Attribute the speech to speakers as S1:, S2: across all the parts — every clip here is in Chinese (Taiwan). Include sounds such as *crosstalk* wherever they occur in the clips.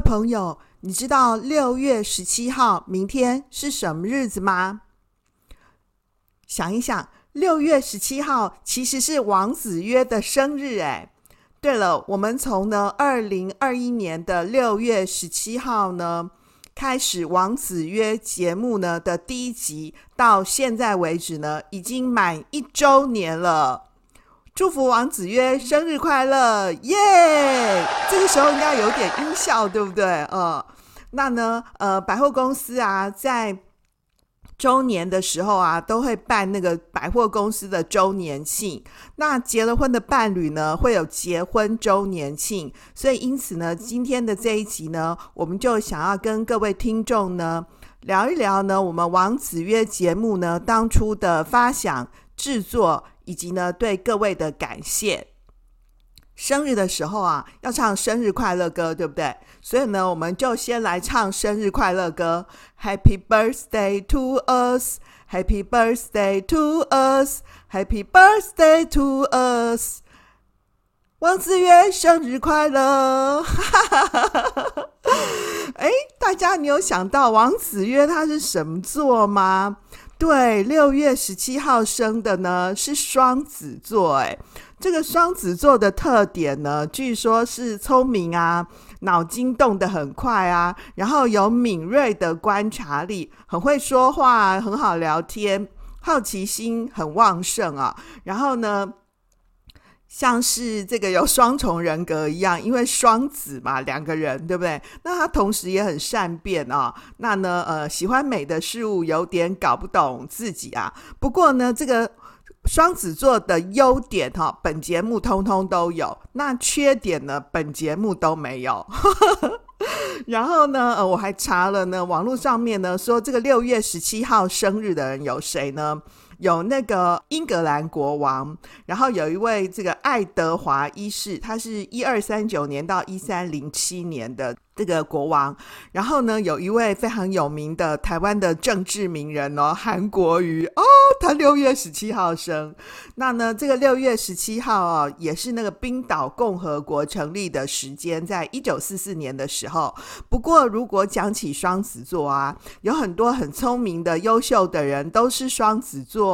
S1: 朋友，你知道六月十七號明天是什麼日子嗎？想一想，六月十七號其實是王子曰的生日。哎，對了，我們從呢二零二一年的六月十七號呢開始，王子曰節目呢的第一集到現在為止呢，已經滿一周年了。祝福王子曰生日快樂，耶、yeah!！這個時候應該有點音效，對不對？呃，那呢，呃，百貨公司啊，在周年的時候啊，都會辦那個百貨公司的周年慶。那結了婚的伴侶呢，會有結婚周年慶。所以，因此呢，今天的這一集呢，我們就想要跟各位聽眾呢，聊一聊呢，我們王子曰節目呢，當初的發想製作。以及呢，對各位的感謝。生日的時候啊，要唱生日快樂歌，對不對？所以呢，我們就先來唱生日快樂歌。Happy birthday to us! Happy birthday to us! Happy birthday to us! 王子曰：生日快樂！哈哈哈哈！誒，大家，你有想到王子曰他是什麼座嗎？對，六月十七號生的，呢是雙子座，誒，這個雙子座的特點呢，據說是聰明啊，腦筋動得很快啊，然後有敏銳的觀察力，很會說話，很好聊天，好奇心很旺盛啊，然後呢，像是這個有雙重人格一樣，因為雙子嘛，兩個人對不對？那他同時也很善變啊、哦。那呢，呃，喜歡美的事物，有點搞不懂自己啊。不過呢，這個雙子座的優點哈、哦，本節目通通都有；那缺點呢，本節目都沒有。 *laughs* 然後呢，呃，我還查了呢，網絡上面呢說，這個六月十七號生日的人有誰呢？有那個英格蘭國王，然後有一位這個愛德華一世，他是一二三九年到一三零七年的這個國王。然後呢，有一位非常有名的台灣的政治名人哦，韓國瑜哦，他六月十七號生。那呢，這個六月十七號啊，哦，也是那個冰島共和國成立的時間，在一九四四年的時候。不過，如果講起雙子座啊，有很多很聰明的、優秀的人都是雙子座。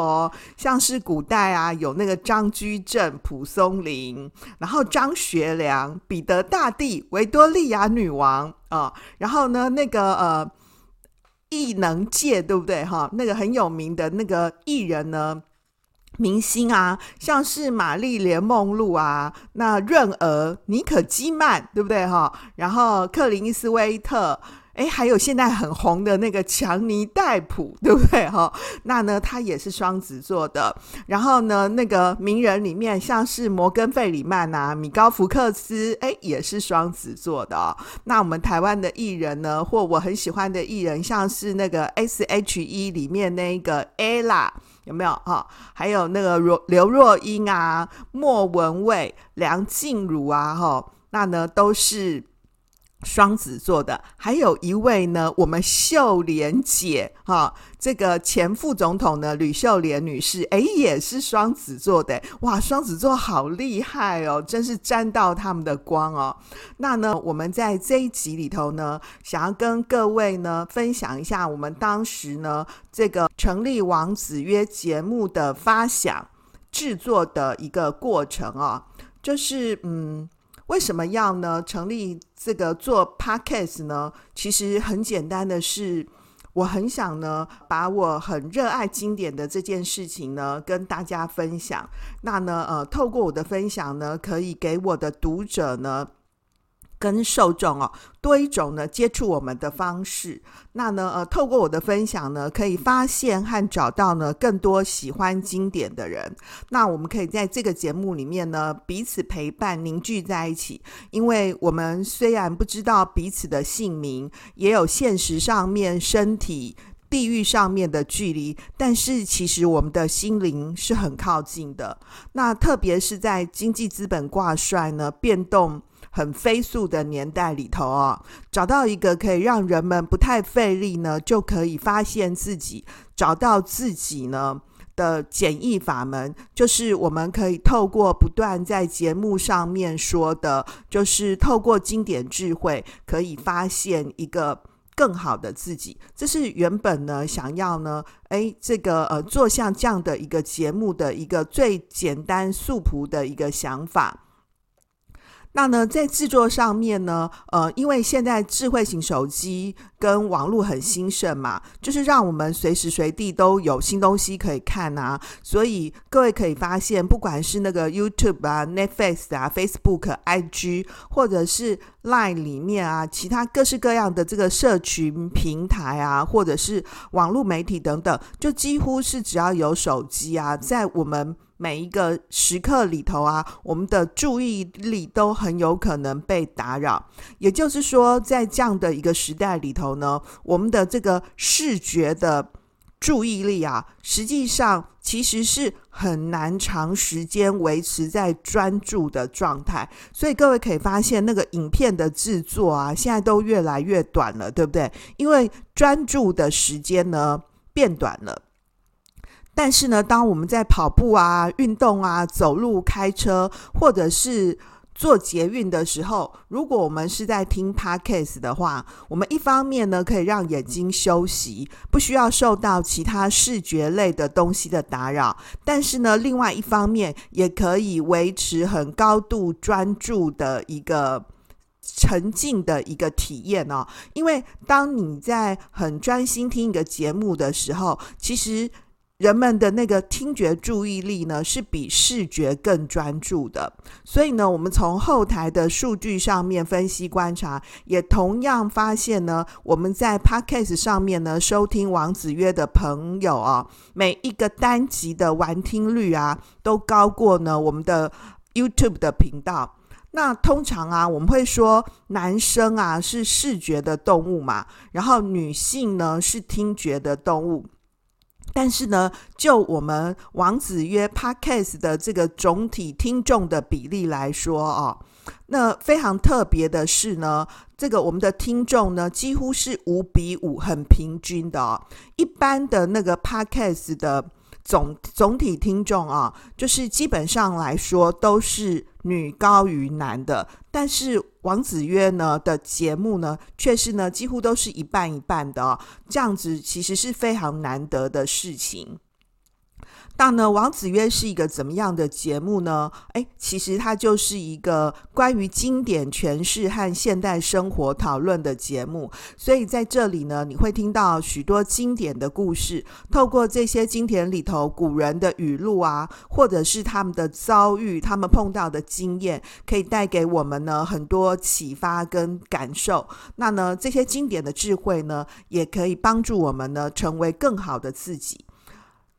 S1: 像是古代啊，有那個張居正、蒲松齡，然後張學良、彼得大帝、維多利亞女王哦，然後呢，那個呃，藝能界對不對哈、哦？那個很有名的那個藝人呢，明星啊，像是瑪麗蓮夢露啊，那潤兒、尼可基曼對不對哈、哦？然後克林斯威特。哎，還有現在很紅的那個強尼戴普，對不對哈、哦？那呢，他也是雙子座的。然後呢，那個名人裡面，像是摩根費裡曼啊、米高福克斯，哎，也是雙子座的、哦。那我們台灣的藝人呢，或我很喜歡的藝人，像是那個 SHE 裡面那一個 Ella 有沒有啊、哦？還有那個劉若英啊、莫文蔚、梁靜茹啊，哈、哦，那呢都是。雙子座的，還有一位呢，我們秀蓮姐哈，這個前副總統呢，呂秀蓮女士，誒，也是雙子座的，哇，雙子座好厲害哦，真是沾到他們的光哦。那呢，我們在這一集裡頭呢，想要跟各位呢分享一下我們當時呢這個成立王子曰節目的發想、製作的一個過程啊、哦，就是嗯，為什麼要呢？成立這個做 Podcast 呢，其實很簡單的是，我很想呢，把我很熱愛經典的這件事情呢，跟大家分享。那呢，呃，透過我的分享呢，可以給我的讀者呢。跟受眾哦，多一種呢接觸我們的方式。那呢，呃，透過我的分享呢，可以發現和找到呢更多喜歡經典的人。那我們可以在這個節目裡面呢，彼此陪伴，凝聚在一起。因為我們雖然不知道彼此的姓名，也有現實上面、身體、地域上面的距離，但是其實我們的心靈是很靠近的。那特別是在經濟資本掛帥呢，變動。很飛速的年代裡頭哦，找到一個可以讓人們不太費力呢，就可以發現自己、找到自己呢的簡易法門，就是我們可以透過不斷在節目上面說的，就是透過經典智慧可以發現一個更好的自己。這是原本呢想要呢，誒，這個呃做像這樣的一個節目的一個最簡單素樸的一個想法。那呢，在製作上面呢，呃，因為現在智慧型手機跟網絡很興盛嘛,就是讓我們隨時隨地都有新東西可以看啊,所以各位可以發現，不管是那個 YouTube 啊、Netflix 啊、Facebook、IG，或者是。Line 裡面啊，其他各式各樣的這個社群平台啊，或者是網絡媒體等等，就幾乎是只要有手機啊，在我們每一個時刻裡頭啊，我們的注意力都很有可能被打擾。也就是說，在這樣的一個時代裡頭呢，我們的這個視覺的。注意力啊，實際上其實是很難長時間維持在專注的狀態，所以各位可以發現，那個影片的制作啊，現在都越來越短了，對不對？因為專注的時間呢，變短了，但是呢，當我們在跑步啊、運動啊、走路、開車，或者是坐捷運的時候，如果我們是在聽 podcast 的話，我們一方面呢，可以讓眼睛休息，不需要受到其他視覺類的東西的打擾，但是呢，另外一方面也可以維持很高度專注的一個沉浸的一個體驗哦、喔。因為當你在很專心聽一個節目的時候，其實。人們的那個聽覺注意力呢，是比視覺更專注的。所以呢，我們從後台的數據上面分析觀察，也同樣發現呢，我們在 Podcast 上面呢收聽王子曰的朋友啊，每一個單集的完聽率啊，都高過呢我們的 YouTube 的頻道。那通常啊，我們會說男生啊是視覺的動物嘛，然後女性呢是聽覺的動物。但是呢，就我們王子曰 Podcast 的這個總體聽眾的比例來說哦，那非常特別的是呢，這個我們的聽眾呢幾乎是五比五，很平均的哦。一般的那個 Podcast 的。總總體聽眾啊，就是基本上來說都是女高於男的，但是王子曰呢的節目呢，卻是呢幾乎都是一半一半的哦，這樣子其實是非常難得的事情。那呢，《王子曰》是一個怎麼樣的節目呢？哎，其實它就是一個關於經典詮釋和現代生活討論的節目。所以在這裡呢，你會聽到許多經典的故事，透過這些經典裡頭古人的語錄啊，或者是他們的遭遇、他們碰到的經驗，可以帶給我們呢很多啟發跟感受。那呢，這些經典的智慧呢，也可以幫助我們呢成為更好的自己。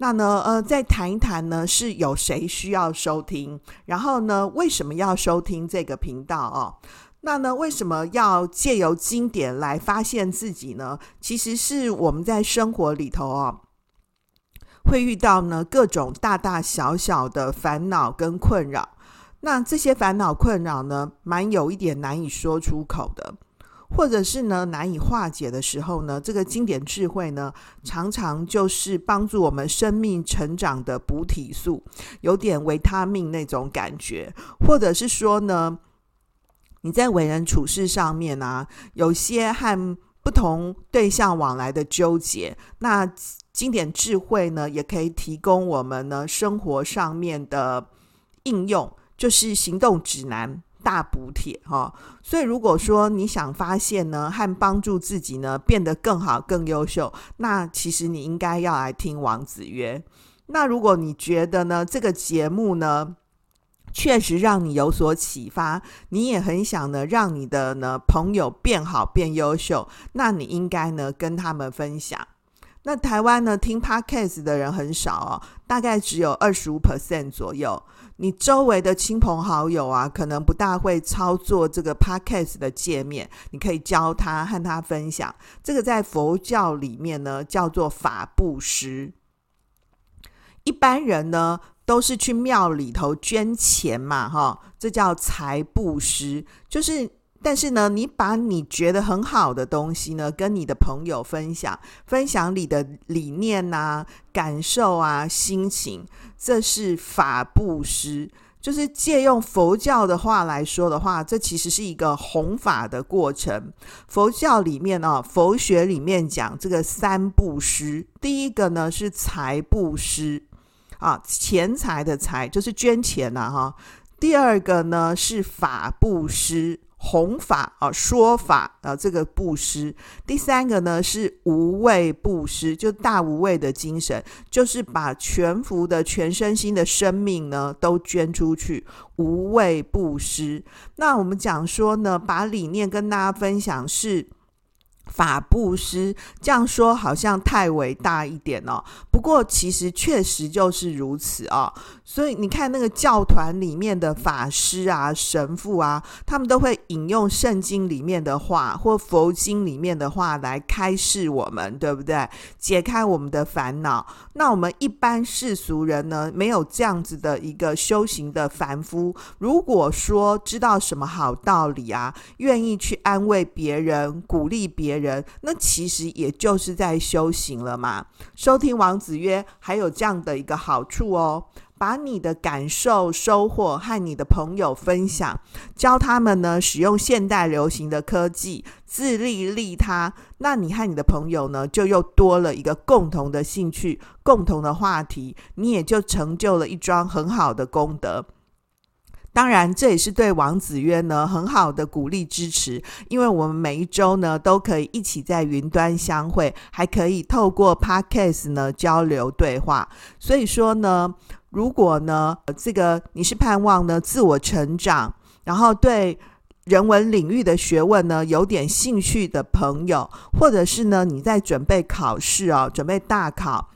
S1: 那呢，呃，再談一談呢，是有誰需要收聽？然後呢，為什麼要收聽這個頻道哦？那呢，為什麼要借由經典來發現自己呢？其實是我們在生活裡頭哦，會遇到呢各種大大小小的煩惱跟困擾。那這些煩惱困擾呢，蠻有一點難以說出口的。或者是呢，難以化解的時候呢，這個經典智慧呢，常常就是幫助我們生命成長的補體素，有點維他命那種感覺。或者是說呢，你在為人處事上面啊，有些和不同對象往來的糾結，那經典智慧呢，也可以提供我們呢生活上面的應用，就是行動指南。大補帖哦，所以如果說你想發現呢，和幫助自己呢變得更好、更優秀，那其實你應該要來聽王子曰。那如果你覺得呢這個節目呢確實讓你有所啟發，你也很想呢讓你的呢朋友變好、變優秀，那你應該呢跟他們分享。那台灣呢聽 Podcast 的人很少哦，大概只有二十五 percent 左右。你週圍的親朋好友啊，可能不大會操作這個 Podcast 的界面，你可以教他和他分享。這個在佛教裡面呢，叫做法布施。一般人呢都是去廟裡頭捐錢嘛，哈、哦，這叫財布施，就是。但是呢，你把你覺得很好的東西呢，跟你的朋友分享，分享你的理念吶、啊、感受啊、心情，這是法布施。就是借用佛教的話來說的話，這其實是一個弘法的過程。佛教裡面啊，佛學裡面講這個三布施，第一個呢是財布施，啊，錢財的財就是捐錢啊，啊。哈。第二個呢是法布施。弘法啊，說法啊，這個布施。第三個呢是無畏布施，就大無畏的精神，就是把全幅的、全身心的生命呢都捐出去，無畏布施。那我們講說呢，把理念跟大家分享是法布施，這樣說好像太偉大一點哦。不過其實確實就是如此啊、哦。所以你看，那個教團裡面的法師啊、神父啊，他們都會引用聖經裡面的話或佛經裡面的話來開示我們，對不對？解開我們的煩惱。那我們一般世俗人呢，沒有這樣子的一個修行的凡夫。如果說知道什麼好道理啊，願意去安慰別人、鼓勵別人，那其實也就是在修行了嘛。收聽王子曰，還有這樣的一個好處哦。把你的感受、收穫和你的朋友分享，教他們呢使用現代流行的科技，自利利他。那你和你的朋友呢，就又多了一個共同的興趣、共同的話題，你也就成就了一樁很好的功德。當然，這也是對王子曰呢很好的鼓勵支持，因為我們每一周呢都可以一起在雲端相會，還可以透過 Podcast 呢交流對話。所以說呢。如果呢，這個你是盼望呢自我成長，然後對人文領域的學問呢有點興趣的朋友，或者是呢你在準備考試哦，準備大考，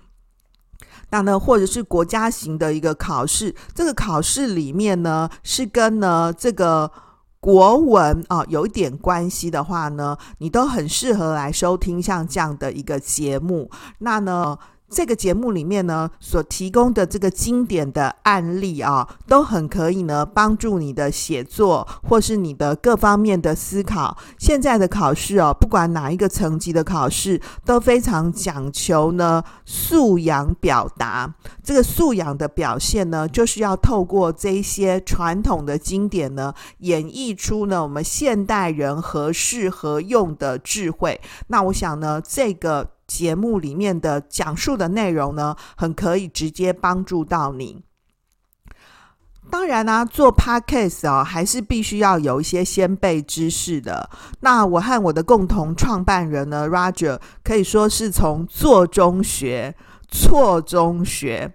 S1: 那呢或者是國家型的一個考試，這個考試裡面呢是跟呢這個國文啊有一點關係的話呢，你都很適合來收聽像這樣的一個節目。那呢，這個節目裡面呢，所提供的這個經典的案例啊，都很可以呢，幫助你的寫作或是你的各方面的思考。現在的考試哦、啊，不管哪一個層級的考試，都非常講求呢素養表達。這個素養的表現呢，就是要透過這些傳統的經典呢，演繹出呢我們現代人合適合用的智慧。那我想呢，這個。節目裡面的講述的內容呢，很可以直接幫助到你。當然啦、啊，做 podcast 啊、哦，還是必須要有一些先備知識的。那我和我的共同創辦人呢，Roger 可以說是從做中學、錯中學、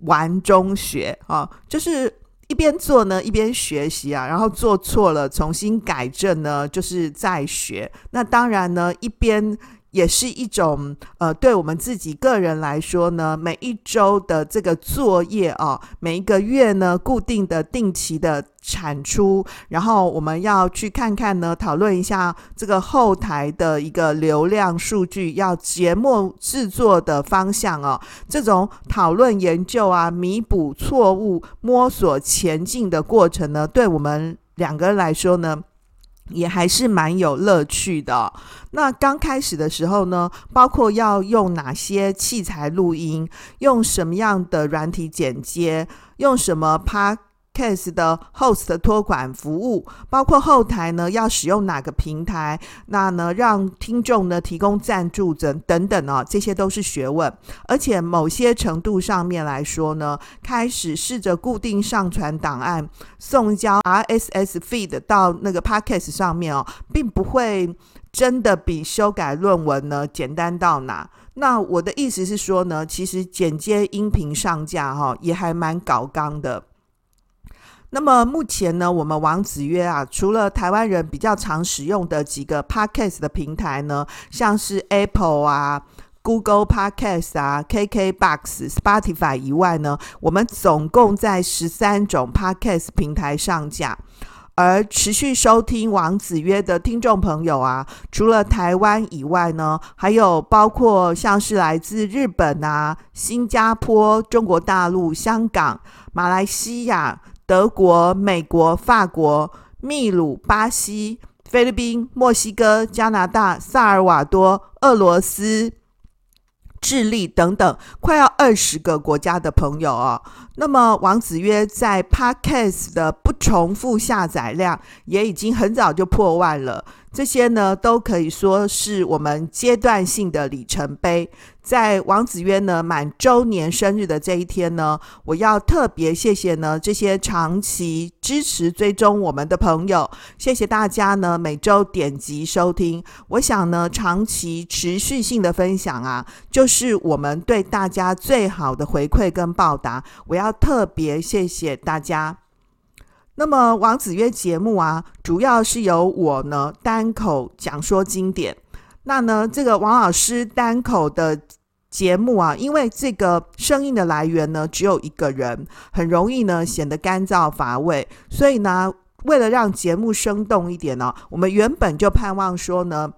S1: 玩中學啊，就是一邊做呢，一邊學習啊，然後做錯了，重新改正呢，就是再學。那當然呢，一邊。也是一種呃，對我們自己個人來說呢，每一周的這個作業哦，每一個月呢，固定的定期的產出，然後我們要去看看呢，討論一下這個後台的一個流量數據，要節目制作的方向哦，這種討論研究啊，彌補錯誤，摸索前進的過程呢，對我們兩個人來說呢。也還是蠻有樂趣的哦。那剛開始的時候呢，包括要用哪些器材錄音，用什麼樣的軟體剪接，用什麼趴。Case 的 Host 的託管服務，包括後台呢要使用哪個平台，那呢讓聽眾呢提供贊助者等等哦，這些都是學問。而且某些程度上面來說呢，開始試着固定上傳檔案、送交 RSS Feed 到那個 Podcast 上面哦，並不會真的比修改論文呢簡單到哪。那我的意思是說呢，其實剪接音頻上架哈、哦，也還蠻搞剛的。那麼目前呢，我們王子曰啊，除了台灣人比較常使用的幾個 Podcast 的平台呢，像是 Apple 啊、Google Podcast 啊、KKBox、Spotify 以外呢，我們總共在十三種 Podcast 平台上架。而持續收聽王子曰的聽眾朋友啊，除了台灣以外呢，還有包括像是來自日本啊、新加坡、中國大陸、香港、馬來西亞。德國、美國、法國、秘魯、巴西、菲律賓、墨西哥、加拿大、薩爾瓦多、俄羅斯、智利等等，快要二十個國家的朋友哦，那麼王子曰在 Podcast 的不重複下載量也已經很早就破萬了，這些呢都可以說是我們階段性的里程碑。在王子曰呢滿周年生日的這一天呢，我要特別謝謝呢這些長期支持追蹤我們的朋友，謝謝大家呢每周點擊收聽。我想呢長期持續性的分享啊，就是我們對大家最好的回饋跟報答。我要特別謝謝大家。那麼王子曰節目啊，主要是由我呢單口講說經典。那呢，這個王老師單口的節目啊，因為這個聲音的來源呢只有一個人，很容易呢顯得乾燥乏味，所以呢，為了讓節目生動一點呢、哦，我們原本就盼望說呢。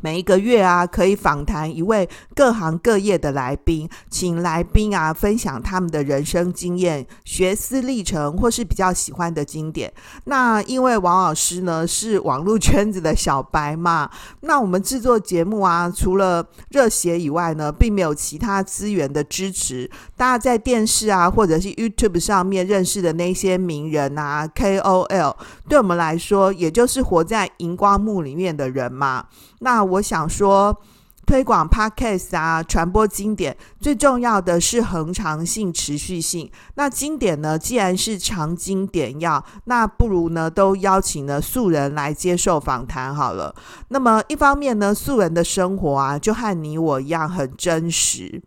S1: 每一個月啊，可以訪談一位各行各業的來賓，請來賓啊分享他們的人生經驗、學思歷程，或是比較喜歡的經典。那因為王老師呢是網絡圈子的小白嘛，那我們製作節目啊，除了熱血以外呢，並沒有其他資源的支持。大家在電視啊，或者是 YouTube 上面認識的那些名人啊、KOL，對我們來說，也就是活在熒光幕裡面的人嘛。那我想說，推廣 Podcast 啊，傳播經典最重要的是恆常性、持續性。那經典呢，既然是長經典要，那不如呢都邀請了素人來接受訪談好了。那麼一方面呢，素人的生活啊，就和你我一樣很真實。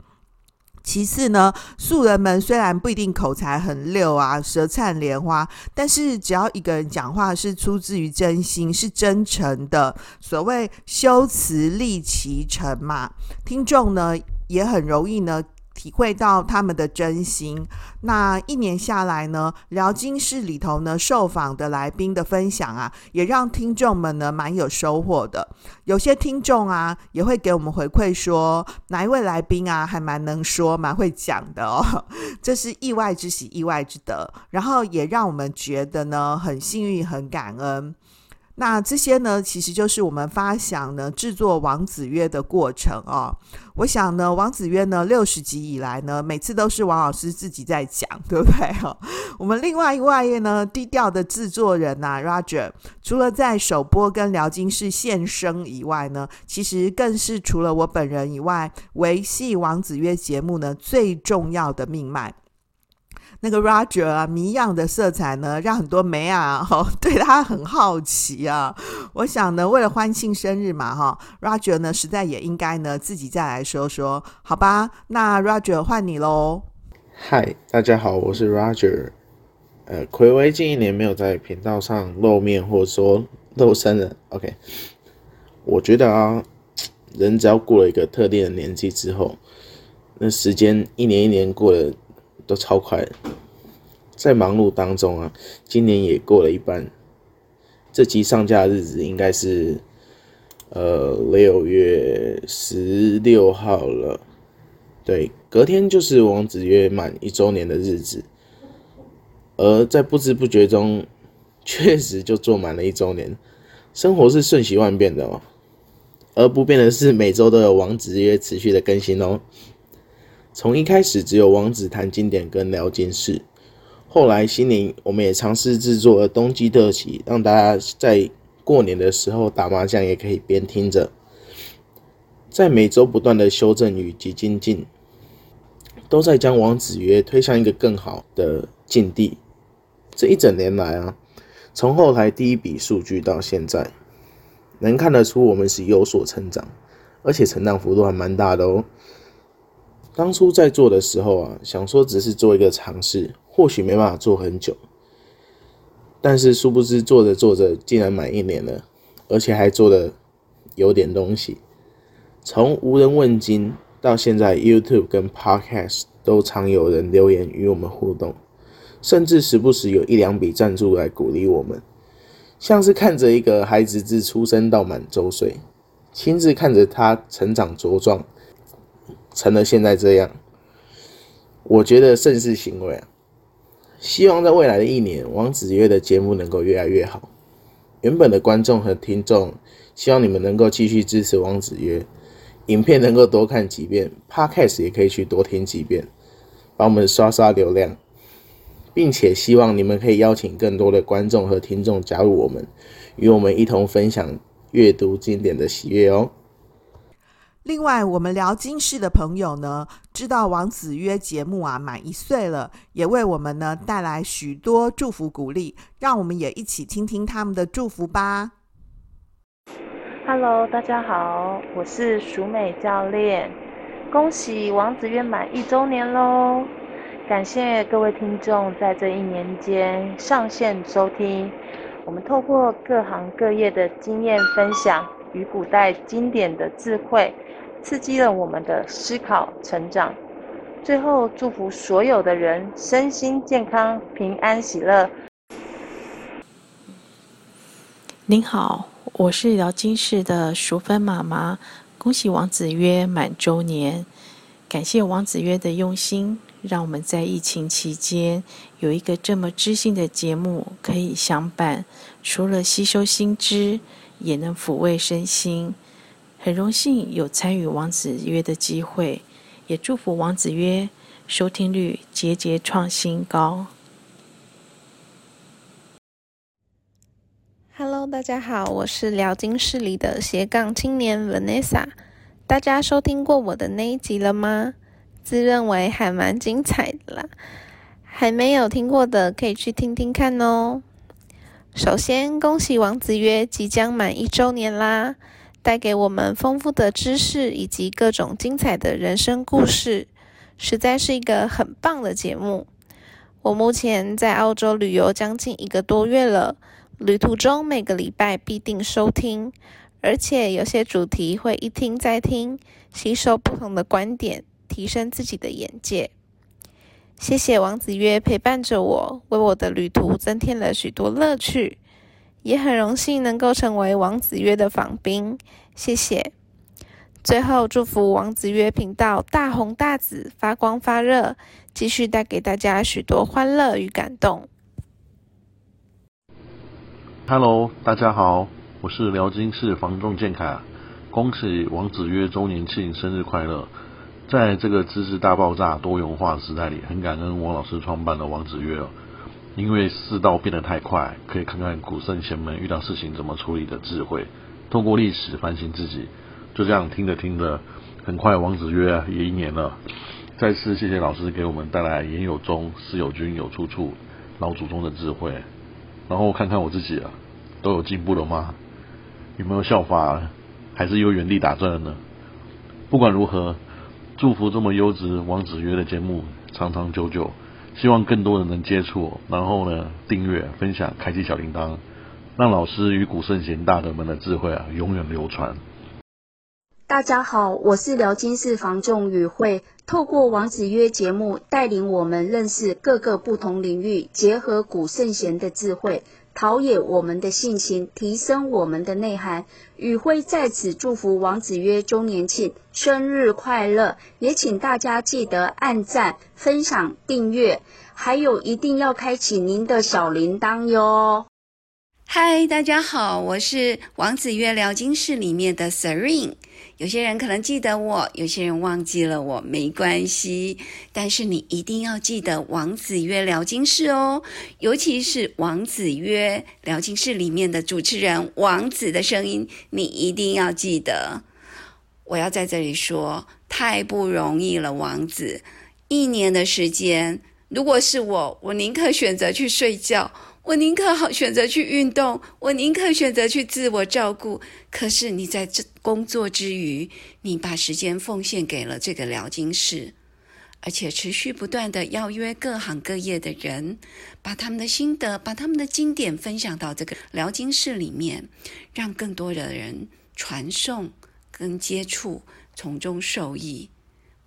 S1: 其次呢，素人們雖然不一定口才很溜啊，舌燦蓮花，但是只要一個人講話是出自於真心，是真誠的，所謂修辭立其誠嘛，聽眾呢也很容易呢。體會到他們的真心。那一年下來呢，聊經室裡頭呢，受訪的來賓的分享啊，也讓聽眾們呢蠻有收穫的。有些聽眾啊，也會給我們回饋說，哪一位來賓啊，還蠻能說，蠻會講的哦。這是意外之喜，意外之得。然後也讓我們覺得呢，很幸運，很感恩。那這些呢，其實就是我們發想呢製作《王子曰》的過程啊、喔。我想呢，《王子曰》呢六十集以來呢，每次都是王老師自己在講，對不對、喔？我們另外一位呢低調的製作人吶、啊、，Roger，除了在首播跟聊經室現身以外呢，其實更是除了我本人以外，維繫《王子曰》節目呢最重要的命脈。那個 Roger 啊，謎樣的色彩呢，讓很多妹啊、哦、對他很好奇啊。我想呢，為了歡慶生日嘛哈、哦、，Roger 呢實在也應該呢自己再來說說，好吧？那 Roger 換你嘍。
S2: Hi，大家好，我是 Roger。呃，睽違近一年沒有在頻道上露面或者說露身了，OK，我覺得啊，人只要過了一個特定的年紀之後，那時間一年一年過了。都超快的，在忙碌當中啊，今年也過了一半。這集上架的日子應該是，呃，六月十六號了。對，隔天就是王子約曰滿一周年的日子。而在不知不覺中，確實就做滿了一周年。生活是瞬息萬變的哦，而不變的是每周都有王子曰持續的更新哦。從一開始只有王子談經典跟聊經室，後來新年我們也嘗試制作了冬季特輯，讓大家在過年的時候打麻將也可以邊聽着。在每周不斷的修正與精進，進，都在將王子曰推向一個更好的境地。這一整年來啊，從後台第一筆數據到現在，能看得出我們是有所成長，而且成長幅度還蠻大的哦。當初在做的時候啊，想說只是做一個嘗試，或許沒辦法做很久。但是殊不知做着做着，竟然滿一年了，而且還做得有點東西。從無人問津到現在，YouTube 跟 Podcast 都常有人留言與我們互動，甚至時不時有一兩筆贊助來鼓勵我們，像是看着一個孩子自出生到滿周歲，親自看着他成長茁壯。成了現在這樣，我覺得甚是欣慰啊！希望在未來的一年，王子曰的節目能夠越來越好。原本的觀眾和聽眾，希望你們能夠繼續支持王子曰，影片能夠多看幾遍，Podcast 也可以去多聽幾遍，幫我們刷刷流量，並且希望你們可以邀請更多的觀眾和聽眾加入我們，與我們一同分享閱讀經典的喜悅哦。
S1: 另外，我們聊經室的朋友呢，知道王子曰節目啊滿一歲了，也為我們呢帶來許多祝福鼓勵，讓我們也一起聽聽他們的祝福吧。
S3: Hello，大家
S1: 好，我是
S4: 淑美教練，恭喜王子曰滿一周年嘍！感謝各位聽眾在這一年間上線收聽，我們透過各行各業的經驗分享與古代經典的智慧。刺激了我們的思考成長。最後，祝福所有的人身心健康、平安喜樂。
S5: 您好，我是遼金市的淑芬媽媽。恭喜王子曰滿周年，感謝王子曰的用心，讓我們在疫情期間有一個這麼知性的節目可以相伴。除了吸收新知，也能撫慰身心。很榮幸有參與王子曰的機會，也祝福王子曰收聽率節節創新高。Hello，大家好，我是聊經室裡的斜槓青年 Vanessa。大家收聽過我的那一集了嗎？自認為還蠻精彩的啦。還沒有聽過的可以去聽聽看哦。首先恭喜王子曰即將滿一周年啦！帶給我們豐富的知識以及各種精彩的人生故事，實在是一個很棒的節目。我目前在澳洲旅遊將近一個多月了，旅途中每個禮拜必定收聽，而且有些主題會一聽再聽，吸收不同的觀點，提升自己的眼界。謝謝王子曰陪伴着我，為我的旅途增添了許多樂趣。也很榮幸能夠成為王子曰的訪賓，謝謝。最後祝福王子曰頻道大紅大紫、發光發熱，繼續帶給大家許多歡樂與感動。
S6: Hello，大家好，我是遼金市房仲健凱，恭喜王子曰周年慶生日快樂！在這個知識大爆炸、多元化時代裡，很感恩王老師創辦的王子曰因為世道變得太快，可以看看古聖先賢們遇到事情怎麼處理的智慧，透過歷史反省自己。就這樣聽着聽着，很快王子曰也一年了。再次謝謝老師給我們帶來言有宗，事有君，有出處，老祖宗的智慧。然後看看我自己啊，都有進步了嗎？有沒有效法，還是又原地打轉了呢？不管如何，祝福這麼優質王子曰的節目長長久久。希望更多人能接觸，然後呢，訂閱、分享、開啟小鈴鐺，讓老師與古聖賢大德們的智慧啊，永遠流傳。
S4: 大家好，我是遼金市房仲宇慧，透過王子曰節目，帶領我們認識各個不同領域，結合古聖賢的智慧。陶冶我們的性情，提升我們的內涵。宇輝在此祝福王子曰週年慶生日快樂！也請大家記得按讚、分享、訂閱，還有一定要開啟您的小鈴鐺喲。嗨，大家好，我是王子曰聊經室裡面的 Seren。有些人可能記得我，有些人忘記了我，沒關係。但是你一定要記得《王子曰聊經室》哦，尤其是《王子曰聊經室》裡面的主持人王子的聲音，你一定要記得。我要在這裡說，太不容易了，王子。一年的時間，如果是我，我寧可選擇去睡覺，我寧可好選擇去運動，我寧可選擇去自我照顧。可是你在這。工作之餘，你把時間奉獻給了這個聊經室，而且持續不斷地邀約各行各業的人，把他們的心得、把他們的經典分享到這個聊經室裡面，讓更多的人傳頌、跟接觸，從中受益。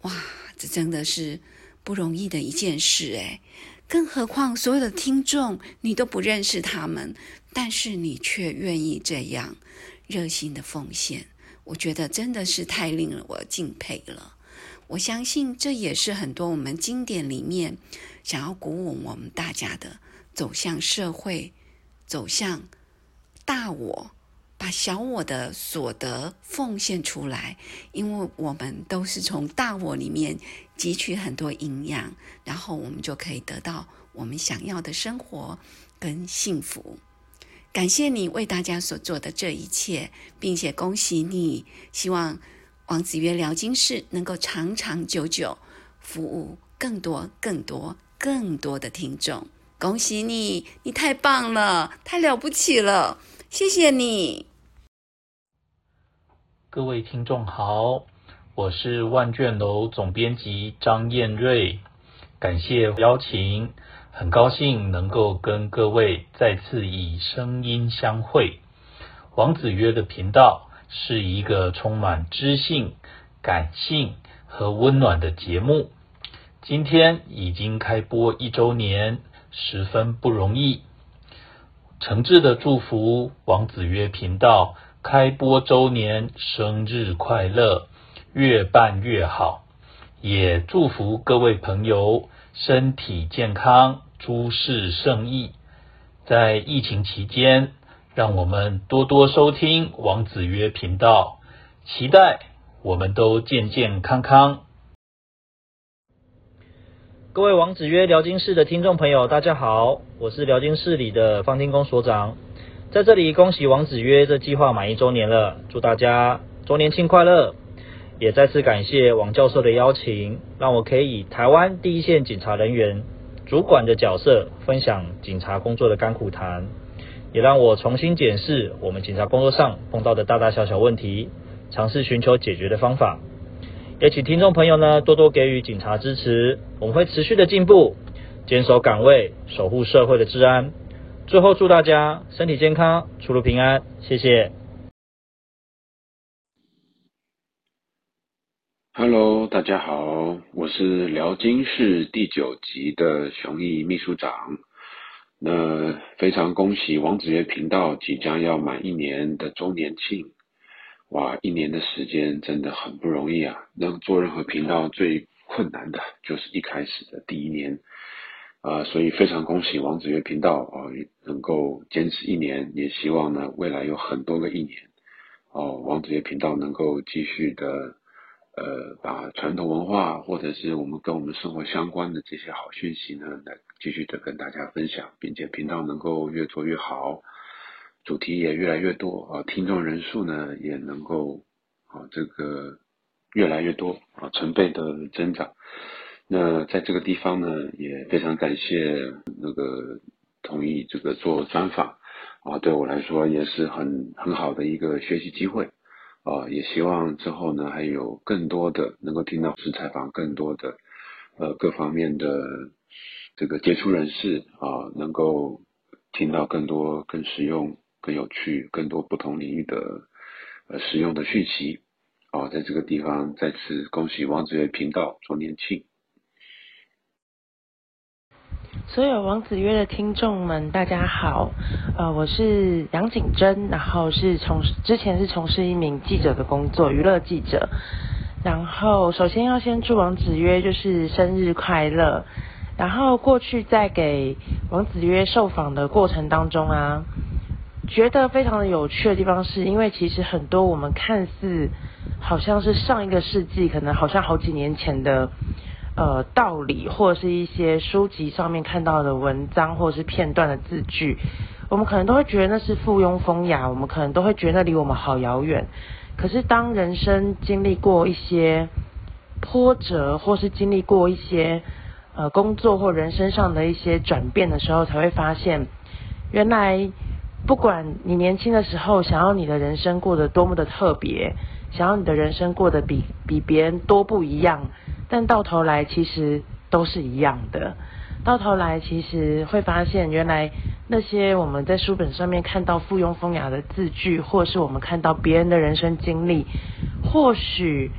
S4: 哇，這真的是不容易的一件事誒！更何況所有的聽眾你都不認識他們，但是你卻願意這樣熱心的奉獻。我覺得真的是太令我敬佩了。我相信這也是很多我們經典裡面想要鼓舞我們大家的，走向社會，走向大我，把小我的所得奉獻出來。因為我們都是從大我裡面汲取很多營養，然後我們就可以得到我們想要的生活跟幸福。感謝你為大家所做的這一切，並且恭喜你！希望王子曰聊經室能夠長長久久，服務更多、更多、更多的聽眾。恭喜你，你太棒了，太了不起了！謝謝你。
S3: 各位聽眾好，我是萬卷樓總編輯張燕瑞，感謝邀請。很高興能夠跟各位再次以聲音相會。王子曰的頻道是一個充滿知性、感性和溫暖的節目。今天已經開播一周年，十分不容易。誠摯的祝福王子曰頻道開播周年生日快樂，越辦越好。也祝福各位朋友身體健康。諸事勝意，在疫情期間，讓我們多多收聽王子曰頻道，期待我們都健健康康。各位王子曰聊經室的聽眾朋友，大家好，我是聊經室裡的方天公所長，在這裡恭喜王子曰這計劃滿一周年了，祝大家周年慶快樂！也再次感謝王教授的邀請，讓我可以以台灣第一線警察人員。主管的角色，分享警察工作的甘苦談，也讓我重新檢視我們警察工作上碰到的大大小小問題，嘗試尋求解決的方法。也請聽眾朋友呢多多給予警察支持，我們會持續的進步，堅守崗位，守護社會的治安。最後祝大家身體健康，出入平安，謝謝。
S6: Hello，大家好，我是聊經室第九集的熊毅秘書長。那非常恭喜王子曰頻道即將要滿一年的周年慶。哇，一年的時間真的很不容易啊！那做任何頻道最困難的就是一開始的第一年啊、呃，所以非常恭喜王子曰頻道啊、哦，能夠堅持一年，也希望呢未來有很多個一年哦，王子曰頻道能夠繼續的。呃，把傳統文化或者是我們跟我們生活相關的這些好訊息呢，來繼續的跟大家分享，並且頻道能夠越做越好，主題也越來越多啊、呃，聽眾人數呢也能夠啊、呃、這個越來越多啊、呃，成倍的增長。那在這個地方呢，也非常感謝那個同意這個做專訪啊、呃，對我來說也是很很好的一個學習機會。啊、哦，也希望之後呢，還有更多的能夠聽到，是採訪更多的，呃，各方面的這個傑出人士啊、呃，能夠聽到更多更實用、更有趣、更多不同領域的呃實用的訊息。啊、呃，在這個地方再次恭喜王子曰頻道周年慶。
S3: 所有王子曰的聽眾們，大家好，呃，我是楊景珍，然後是從之前是從事一名記者的工作，娛樂記者。然後首先要先祝王子曰就是生日快樂。然後過去在給王子曰受訪的過程當中啊，覺得非常的有趣的地方是，因為其實很多我們看似好像是上一個世紀，可能好像好幾年前的。呃，道理或者是一些書籍上面看到的文章或者是片段的字句，我們可能都會覺得那是附庸風雅，我們可能都會覺得那離我們好遙遠。可是，當人生經歷過一些波折，或是經歷過一些呃工作或人生上的一些轉變的時候，才會發現，原來不管你年輕的時候想要你的人生過得多麼的特別，想要你的人生過得比比別人多不一樣。但到頭來其實都是一樣的，到頭來其實會發現，原來那些我們在書本上面看到附庸風雅的字句，或是我們看到別人的人生經歷，或許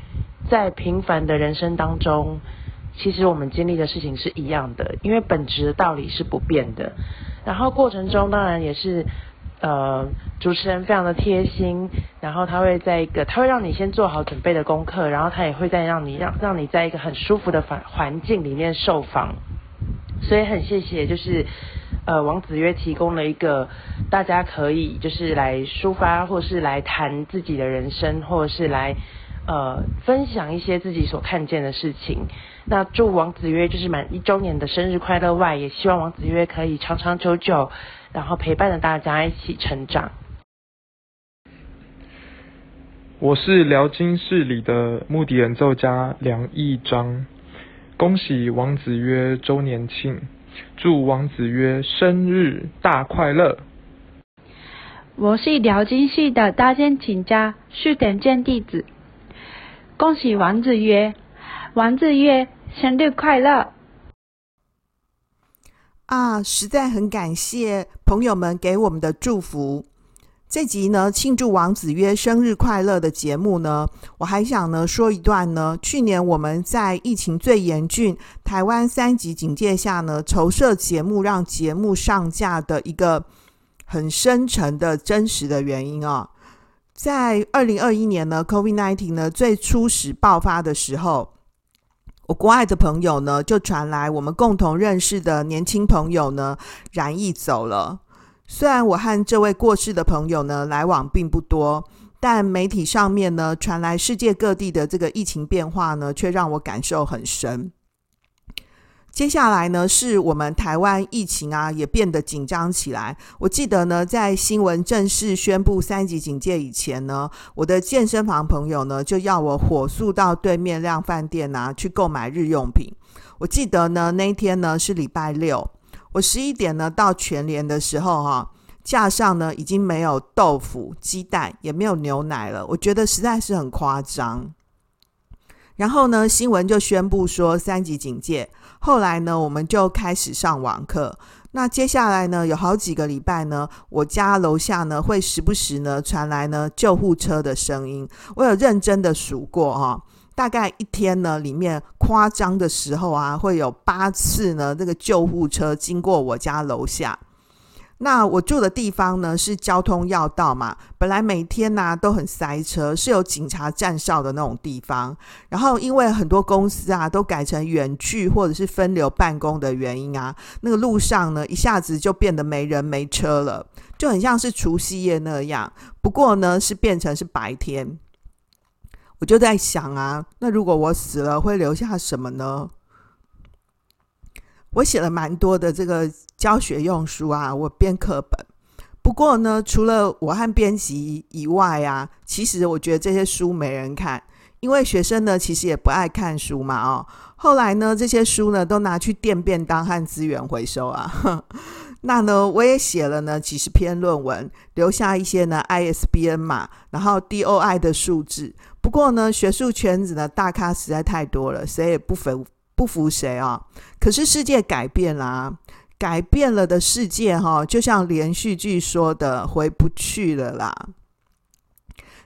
S3: 在平凡的人生當中，其實我們經歷的事情是一樣的，因為本質的道理是不變的。然後過程中當然也是。呃，主持人非常的貼心，然後他會在一個，他會讓你先做好準備的功課，然後他也會再讓你讓讓你在一個很舒服的環環境裡面受訪，所以很謝謝，就是呃王子曰提供了一個大家可以就是來抒發或是來談自己的人生，或者是來呃分享一些自己所看見的事情。那祝王子曰就是滿一週年的生日快樂外，也希望王子曰可以長長久久。然後陪伴着大家一起成長。我是遼金市裡的木笛演奏家梁義章，恭喜王子曰周年慶，祝王子曰生日大快樂。我是遼金市的大鍵琴家徐典健弟子，恭喜王子曰王子曰生日快樂。
S1: 啊，實在很感謝朋友們給我們的祝福。這集呢，慶祝王子曰生日快樂的節目呢，我還想呢說一段呢。去年我們在疫情最嚴峻、台灣三級警戒下呢，籌設節目讓節目上架的一個很深沉的真實的原因啊，在二零二一年呢，COVID-19 呢最初始爆發的時候。我國外的朋友呢，就傳來我們共同認識的年輕朋友呢，染疫走了。雖然我和這位過世的朋友呢，來往並不多，但媒體上面呢，傳來世界各地的這個疫情變化呢，卻讓我感受很深。接下來呢，是我們台灣疫情啊也變得緊張起來。我記得呢，在新聞正式宣布三級警戒以前呢，我的健身房朋友呢就要我火速到對面量販店啊去購買日用品。我記得呢，那天呢是禮拜六，我十一點呢到全聯的時候啊，哈架上呢已經沒有豆腐、雞蛋，也沒有牛奶了。我覺得實在是很誇張。然後呢，新聞就宣布說三級警戒。後來呢，我們就開始上網課。那接下來呢，有好幾個禮拜呢，我家樓下呢會時不時呢傳來呢救護車的聲音。我有認真的數過哈、哦，大概一天呢裡面誇張的時候啊，會有八次呢這個救護車經過我家樓下。那我住的地方呢是交通要道嘛，本來每天呢、啊、都很塞車，是有警察站哨的那種地方。然後因為很多公司啊都改成遠距或者是分流辦公的原因啊，那個路上呢一下子就變得沒人沒車了，就很像是除夕夜那樣。不過呢是變成是白天，我就在想啊，那如果我死了會留下什麼呢？我寫了蠻多的這個教學用書啊，我編課本。不過呢，除了我和編輯以外啊，其實我覺得這些書沒人看，因為學生呢其實也不愛看書嘛哦。後來呢，這些書呢都拿去墊便當和資源回收啊。 *laughs* 那呢，我也寫了呢幾十篇論文，留下一些呢 ISBN 碼，然後 DOI 的數字。不過呢，學術圈子呢大咖實在太多了，誰也不分。不服誰啊、哦？可是世界改變了、啊，改變了的世界哈、哦，就像連續劇說的，回不去了啦。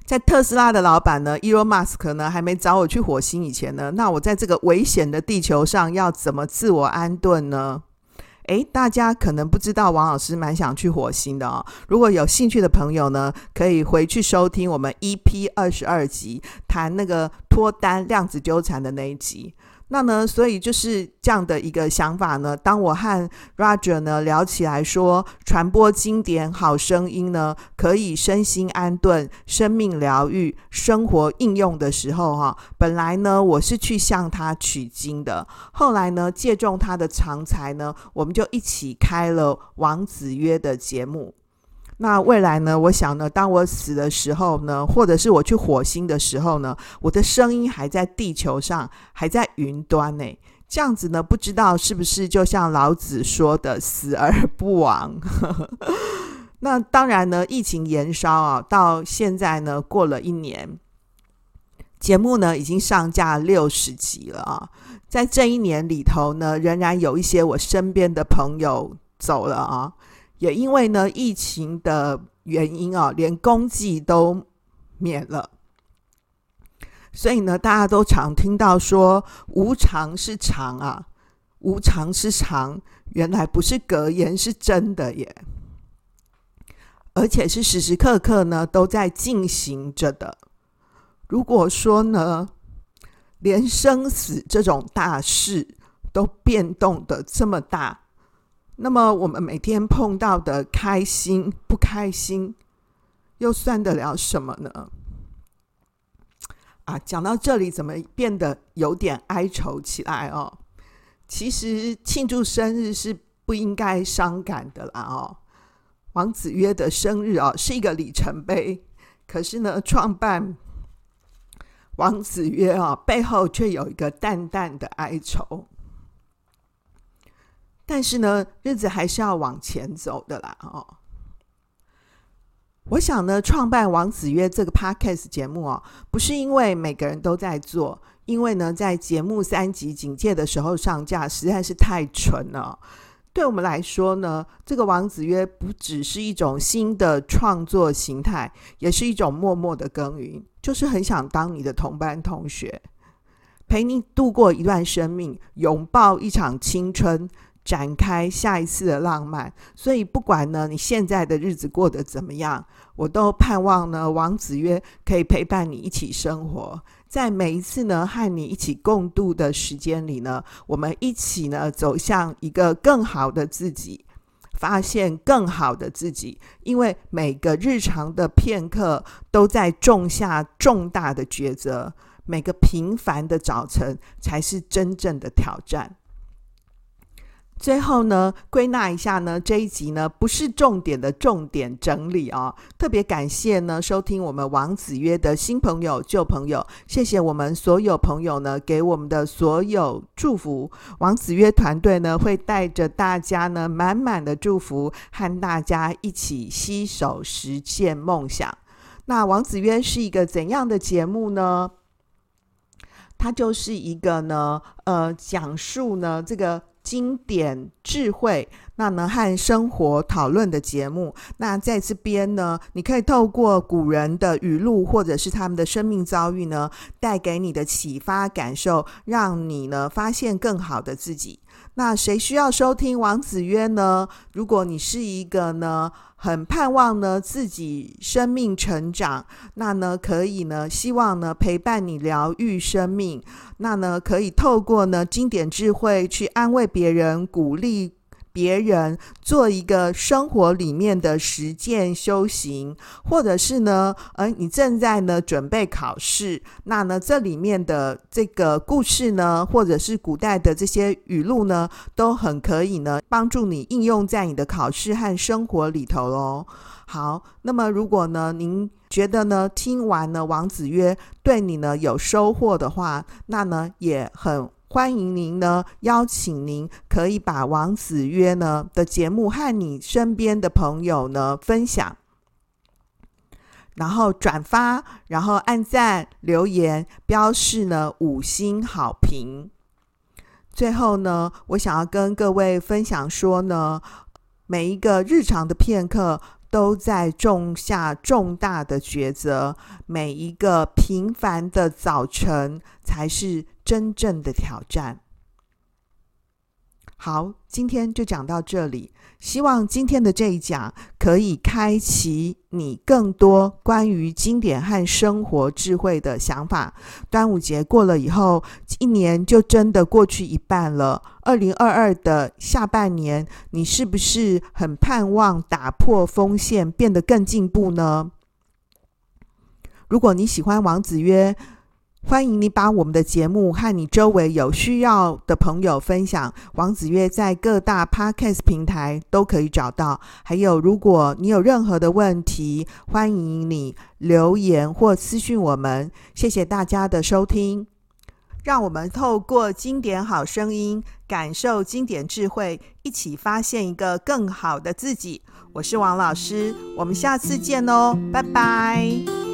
S1: 在特斯拉的老闆呢 Elon Musk 呢，還沒找我去火星以前呢，那我在這個危險的地球上要怎麼自我安頓呢？誒，大家可能不知道，王老師蠻想去火星的哦。如果有興趣的朋友呢，可以回去收聽我們 EP 二十二集，談那個脫單量子糾纏的那一集。那呢，所以就是這樣的一個想法呢。當我和 Roger 呢聊起來說，說傳播經典好聲音呢，可以身心安頓、生命療癒、生活應用的時候，啊，哈，本來呢我是去向他取經的，後來呢借重他的長才呢，我們就一起開了王子曰的節目。那未來呢？我想呢，當我死的時候呢，或者是我去火星的時候呢，我的聲音還在地球上，還在雲端呢。這樣子呢，不知道是不是就像老子說的“死而不亡。” *laughs* 那當然呢，疫情延燒啊，到現在呢，過了一年，節目呢已經上架六十集了啊。在這一年裡頭呢，仍然有一些我身邊的朋友走了啊。也因為呢，疫情的原因啊、哦，連公祭都免了，所以呢大家都常聽到說“無常是常啊，無常是常”，原來不是格言，是真的耶，而且是時時刻刻呢都在進行着的。如果說呢，連生死這種大事都變動的這麼大。那麼我們每天碰到的開心不開心，又算得了什麼呢？啊，講到這裡怎麼變得有點哀愁起來哦？其實慶祝生日是不應該傷感的啦哦。王子曰的生日哦，是一個里程碑，可是呢創辦王子曰啊哦，背後卻有一個淡淡的哀愁。但是呢，日子還是要往前走的啦哦。我想呢，創辦王子曰這個 podcast 節目啊、哦，不是因為每個人都在做，因為呢，在節目三級警戒的時候上架實在是太蠢了、哦。對我們來說呢，這個王子曰不只是一種新的創作形態，也是一種默默的耕耘，就是很想當你的同班同學，陪你度過一段生命，擁抱一場青春。展開下一次的浪漫，所以不管呢，你現在的日子過得怎麼樣，我都盼望呢，王子曰可以陪伴你一起生活，在每一次呢和你一起共度的時間裡呢，我們一起呢走向一個更好的自己，發現更好的自己，因為每個日常的片刻都在種下重大的抉擇，每個平凡的早晨才是真正的挑戰。最後呢，歸納一下呢，這一集呢不是重點的重點整理哦，特別感謝呢，收聽我們王子曰的新朋友、舊朋友，謝謝我們所有朋友呢給我們的所有祝福。王子曰團隊呢會帶着大家呢滿滿的祝福，和大家一起攜手實現夢想。那王子曰是一個怎樣的節目呢？它就是一個呢，呃，講述呢這個。經典智慧，那呢和生活討論的節目，那在這邊呢，你可以透過古人的語錄或者是他們的生命遭遇呢，帶給你的啟發感受，讓你呢發現更好的自己。那誰需要收聽王子曰呢？如果你是一個呢，很盼望呢自己生命成長，那呢可以呢，希望呢陪伴你療癒生命，那呢可以透過呢經典智慧去安慰別人，鼓勵。別人做一個生活裡面的實踐修行，或者是呢，而、呃、你正在呢準備考試，那呢，這裡面的這個故事呢，或者是古代的這些語錄呢，都很可以呢，幫助你應用在你的考試和生活裡頭咯、哦。好，那麼如果呢，您覺得呢，聽完呢王子曰對你呢有收穫的話，那呢也很。歡迎您呢，邀請您可以把王子曰呢的節目和你身邊的朋友呢分享，然後轉發，然後按贊、留言、標示呢五星好評。最後呢，我想要跟各位分享說呢，每一個日常的片刻都在種下重大的抉擇，每一個平凡的早晨才是。真正的挑戰。好，今天就講到這裡。希望今天的這一講可以開啟你更多關於經典和生活智慧的想法。端午節過了以後，一年就真的過去一半了。二零二二的下半年，你是不是很盼望打破風險，變得更進步呢？如果你喜歡王子曰，歡迎你把我們的節目和你周圍有需要的朋友分享。王子曰在各大 Podcast 平台都可以找到。還有，如果你有任何的問題，歡迎你留言或私訊我們。謝謝大家的收聽，讓我們透過經典好聲音，感受經典智慧，一起發現一個更好的自己。我是王老師，我們下次見哦，拜拜。